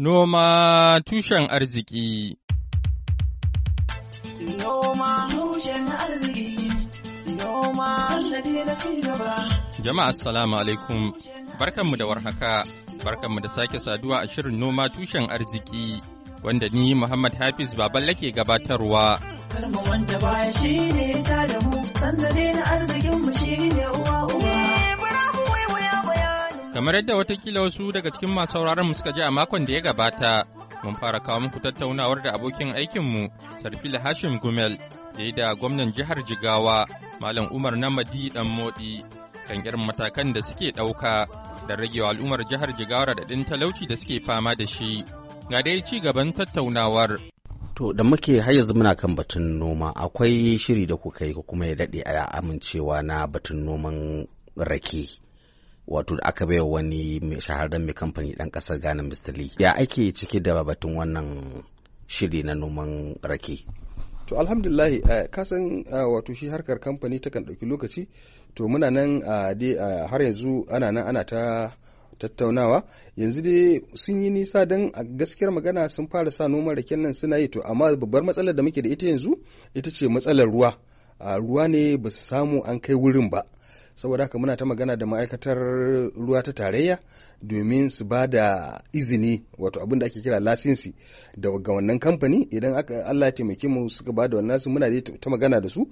Noma tushen arziki Noma tushen arziki Noma na ci Jama'a assalamu alaikum barkanmu da warhaka barkanmu da sake saduwa a shirin noma tushen arziki wanda ni Muhammad Hafiz baban lake gabatarwa Karma wanda baya shi ne ta da mu sanda na arzikin mu shi ne uwa uwa Kamar yadda watakila wasu daga cikin masu sauraron mu suka ji a makon da ya gabata, mun fara kawo muku tattaunawar da abokin aikinmu, Sarfila Hashim Gumel, da ya da gwamnan jihar Jigawa, Malam Umar Namadi Dan Motsi, kan irin matakan da suke ɗauka da rage wa al'ummar jihar Jigawa raɗaɗin talauci da suke fama da shi. Ga dai ci gaban tattaunawar. To da muke har yanzu muna kan batun noma akwai shiri da kuka yi kuma ya daɗe a amincewa na batun noman rake. wato da aka baiwa wani shahararren mai kamfani ɗan ƙasar Ghana Mr. Lee. Ya ake ciki da batun wannan shiri na noman rake? to alhamdulillah eh, ka kasan eh, wato shi harkar kamfani takan ɗauki lokaci to muna nan eh, har yanzu ana nan ana ta tattaunawa yanzu dai sun yi nisa don a gaskiyar magana sun fara sa noman raken nan suna yi to amma babbar matsalar da muke da ita yanzu ita ce matsalar ruwa ah, ruwa ne ba su samu an kai wurin ba saboda haka muna ta magana da ma'aikatar ruwa ta tarayya domin su ba da izini wato abin da ake kira lasinsi da ga wannan kamfani idan Allah ya taimake mu suka ba da wannan su muna ta magana da su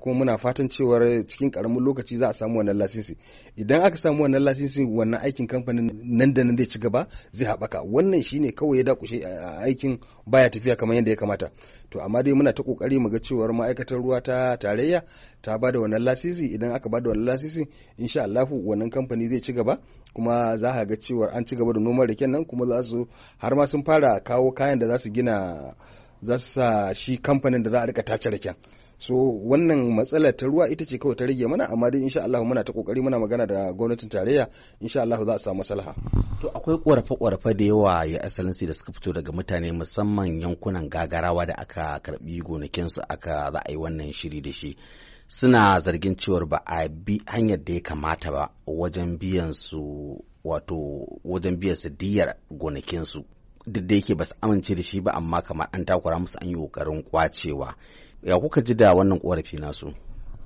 kuma muna fatan cewar cikin karamin lokaci za a samu wannan lasinsi idan aka samu wannan lasinsi wannan aikin kamfanin nan da nan zai ci gaba zai haɓaka wannan shine kawai ya dakushe aikin baya tafiya kamar yadda ya kamata to amma dai muna ta kokari mu ga cewar ma'aikatar ruwa ta tarayya ta ba da wannan lasisi idan aka ba da wannan lasisi insha Allah wannan kamfani zai ci gaba kuma za za ga cewa an ci gaba da noman raken nan kuma za su har ma sun fara kawo kayan da za su gina za su sa shi kamfanin da za a rika tace raken so wannan matsalar ta ruwa ita ce kawai ta rage mana amma dai insha Allah muna ta kokari muna magana da gwamnatin tarayya insha Allah za a samu maslaha to akwai korafe korafe da yawa ya asalinsu da suka fito daga mutane musamman yankunan gagarawa da aka karbi gonakinsu aka za a yi wannan shiri da shi suna zargin cewar ba a bi hanyar da ya kamata ba wajen biyan su wato wajen biyan su diyar gonakinsu duk da yake ba su amince da shi ba amma kamar an takura musu an yi kokarin kwacewa ya kuka ji da wannan korafi nasu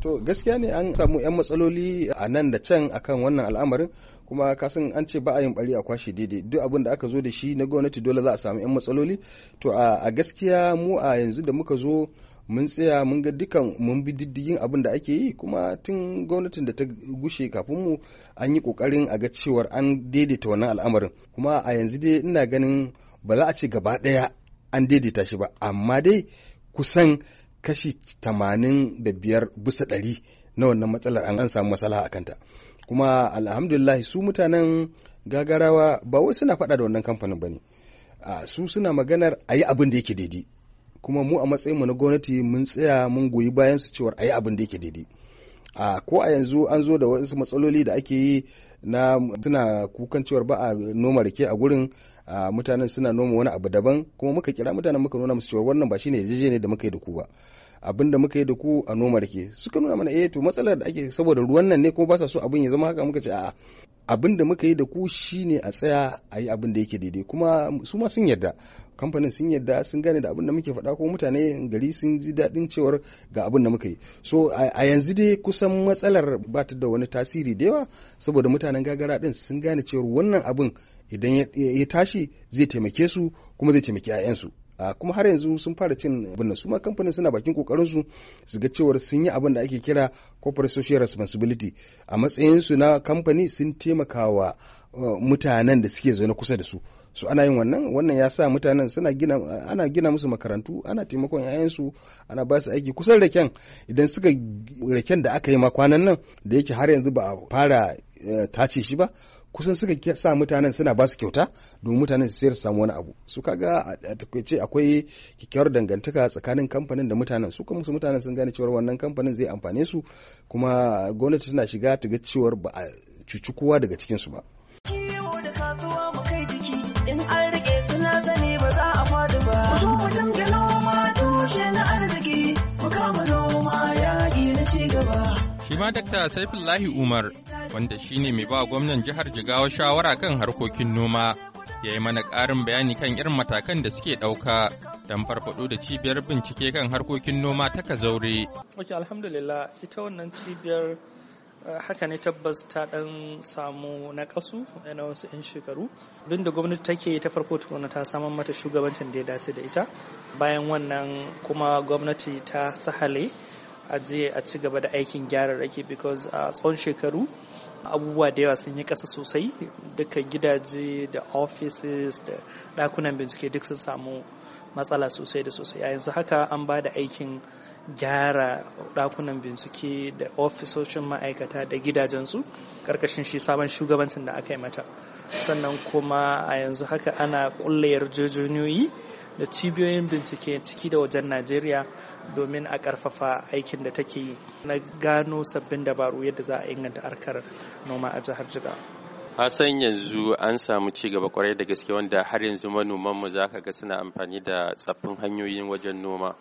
to gaskiya ne an samu 'yan matsaloli a nan da can akan wannan al'amarin kuma kasan an ce ba a yin bari a kwashe daidai duk abin da aka zo da shi na gwamnati dole za a samu 'yan matsaloli to a gaskiya mu a yanzu da muka zo mun tsaya mun ga dukan mun bi diddigin abin da ake yi kuma tun gwamnatin da ta gushe kafin mu an yi kokarin a ga cewar an daidaita wannan al'amarin kuma a yanzu dai ina ganin ba za a ce gaba ɗaya an daidaita shi ba amma dai kusan kashi tamanin da biyar bisa ɗari na wannan matsalar an samu masala a kanta kuma alhamdulillah su mutanen gagarawa ba wai suna faɗa da wannan kamfanin ba ne su suna maganar a yi abin da yake daidai kuma mu a matsayin mu na gwamnati mun tsaya mun goyi bayan su cewar ayi abin da yake daidai a ko a yanzu an zo da wasu matsaloli da ake yi na suna kukan cewar ba a noma rake a gurin mutanen suna noma wani abu daban kuma muka kira mutanen muka nuna musu cewar wannan ba shine ne da muka yi da ku ba abin da muka yi da ku a noma rake suka nuna mana eh to matsalar da ake saboda ruwan nan ne kuma ba sa so abin ya zama haka muka ce a'a abin da muka yi da ku shine a tsaya a yi abin da yake daidai kuma su ma sun yarda kamfanin sun yarda sun gane da abin da muke faɗa ko mutane gari sun ji daɗin cewar ga abin da muka yi so a yanzu dai kusan matsalar ba ta da wani tasiri da yawa saboda mutanen gagara ɗin sun gane cewar wannan abin idan ya tashi zai taimake su kuma zai taimaki 'ya'yansu kuma har yanzu sun fara cin abin su ma kamfanin suna bakin kokarin su su ga cewar sun yi abin da ake kira corporate social responsibility a matsayin su na kamfani sun taimakawa uh, mutanen da suke zaune kusa da su su ana yin wannan wannan ya sa mutanen suna gina ana gina musu makarantu ana taimakon yayansu ana ba su aiki kusan raken idan suka raken da aka yi ma kwanan nan da yake har yanzu ba a fara uh, tace shi ba kusan suka sa mutanen suna ba su kyauta domin mutanen su sayar su samu wani abu su kaga a takaice akwai kyakkyawar dangantaka tsakanin kamfanin da mutanen su kuma mutanen sun gane cewar wannan kamfanin zai amfane su kuma gwamnati tana shiga ta ga cewar ba a cuci kowa daga cikin su ba kiwo da kasuwa mu na arziki ma Dr. Saifullahi Umar wanda shi ne mai ba gwamnan jihar Jigawa shawara kan harkokin noma ya yi mana ƙarin bayani kan irin matakan da suke ɗauka don farfaɗo da cibiyar bincike kan harkokin noma ta Kazaure. Ok, alhamdulillah ita wannan cibiyar eh, haka ne tabbas ta ɗan samu na ƙasu na wasu 'yan shekaru duk da gwamnati take ta farko tukuna ta samar mata shugabancin da ya dace da ita bayan wannan kuma gwamnati ta sahale Ajiye a ci gaba da aikin gyararraki because a tsawon shekaru abubuwa da yawa sun yi ƙasa sosai duka gidaje da offices da ɗakunan bincike duk sun samu matsala sosai da sosai a yanzu haka an ba da aikin gyara ɗakunan bincike da ofisoshin ma'aikata da gidajensu ƙarƙashin shi sabon shugabancin da aka yi mata sannan kuma a yanzu haka ana ƙulla yarjejeniyoyi da cibiyoyin bincike ciki da wajen najeriya domin a ƙarfafa aikin da take yi na gano sabbin dabaru yadda za a inganta harkar noma a jihar jigawa san yanzu an samu ci gaba kwarai da gaske wanda har yanzu manomanmu za ka ga suna amfani da tsaffin hanyoyin wajen noma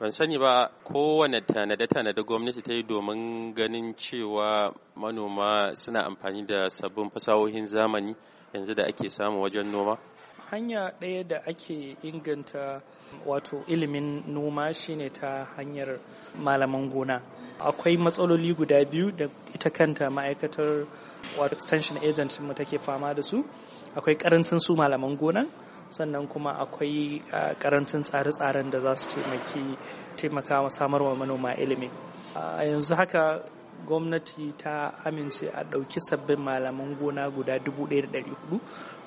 ban sani ba kowane tanade-tanade gwamnati ta yi domin ganin cewa manoma suna amfani da sabbin fasahohin zamani yanzu da ake samu wajen noma hanya ɗaya da ake inganta wato ilimin noma shine ta hanyar malaman gona akwai matsaloli guda biyu da ita kanta ma'aikatar wato extension agent mu take fama da su akwai karancin su malaman gonan sannan kuma akwai ah, karancin tsare-tsaren da za su taimaki samar wa manoma ilimi a ah, yanzu haka gwamnati ta amince a ɗauki sabbin malaman gona guda 1,400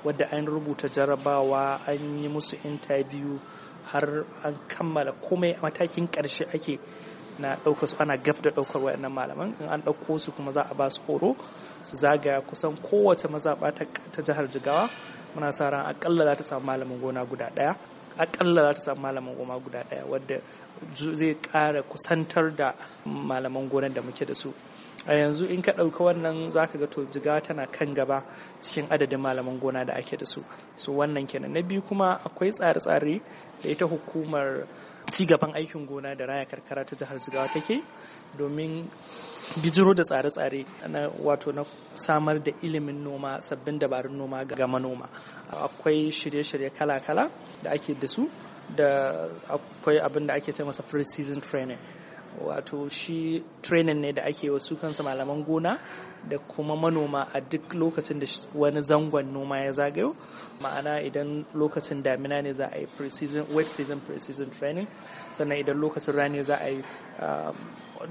wadda an rubuta jarabawa an yi musu intabiyu har an kammala komai a matakin ƙarshe ake na ɗaukar su ana gaf da ɗaukar waɗannan malaman in an ɗauko su kuma za a ba su horo su zagaya kusan kowace mazaɓa ta jihar jigawa muna sa ran akalla za ta samu malamin gona guda ɗaya akalla za ta samu malaman goma guda ɗaya wadda zai ƙara kusantar da malaman gona da muke da su a yanzu in ka ɗauka wannan za ka ga to jiga tana kan gaba cikin adadin malaman gona da ake da su so wannan kenan na biyu kuma akwai tsare-tsare da ita hukumar cigaban aikin gona da raya karkara ta jihar jigawa take domin bijiro da tsare-tsare na wato na samar da ilimin noma sabbin dabarun noma ga manoma akwai shirye-shirye kala-kala da ake da su da akwai abin da ake ce masa pre-season training wato shi training ne da ake wasu kansa malaman gona da kuma manoma a duk lokacin da wani zangon noma ya zagayo ma'ana idan lokacin damina ne za a yi wet season pre-season training sannan idan lokacin rani za a yi um,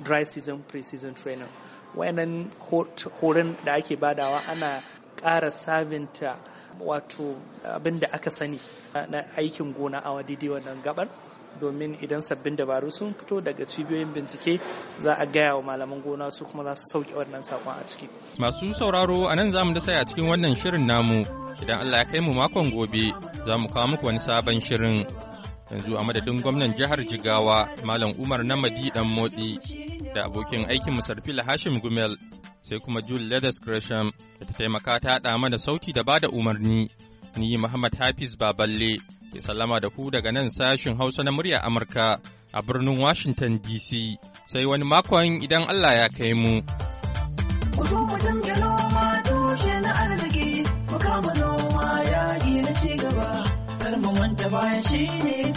dry season pre-season training wayannan horin da ake badawa ana ƙara sabinta wato abin da aka sani na aikin gona a wadidi wannan gabar domin idan sabbin dabaru sun fito daga cibiyoyin bincike za a gaya wa malaman gona su kuma za su sauke wannan sakon a ciki. Masu sauraro a nan za mu da a cikin wannan shirin namu idan Allah ya kai mu makon gobe za mu kawo muku wani sabon shirin. Yanzu a madadin gwamnan jihar Jigawa Malam Umar Namadi Dan Motsi da abokin aikin musarfi Hashim Gumel sai kuma Jule Leathers Gresham da ta taimaka ta haɗa mana sauti da bada umarni. Ni Muhammad Hafiz Baballe ke sallama da ku daga nan sashin Hausa na murya Amurka a birnin Washington DC sai wani makon idan Allah ya kai mu. Ku zo mu noma yaƙi na shi ne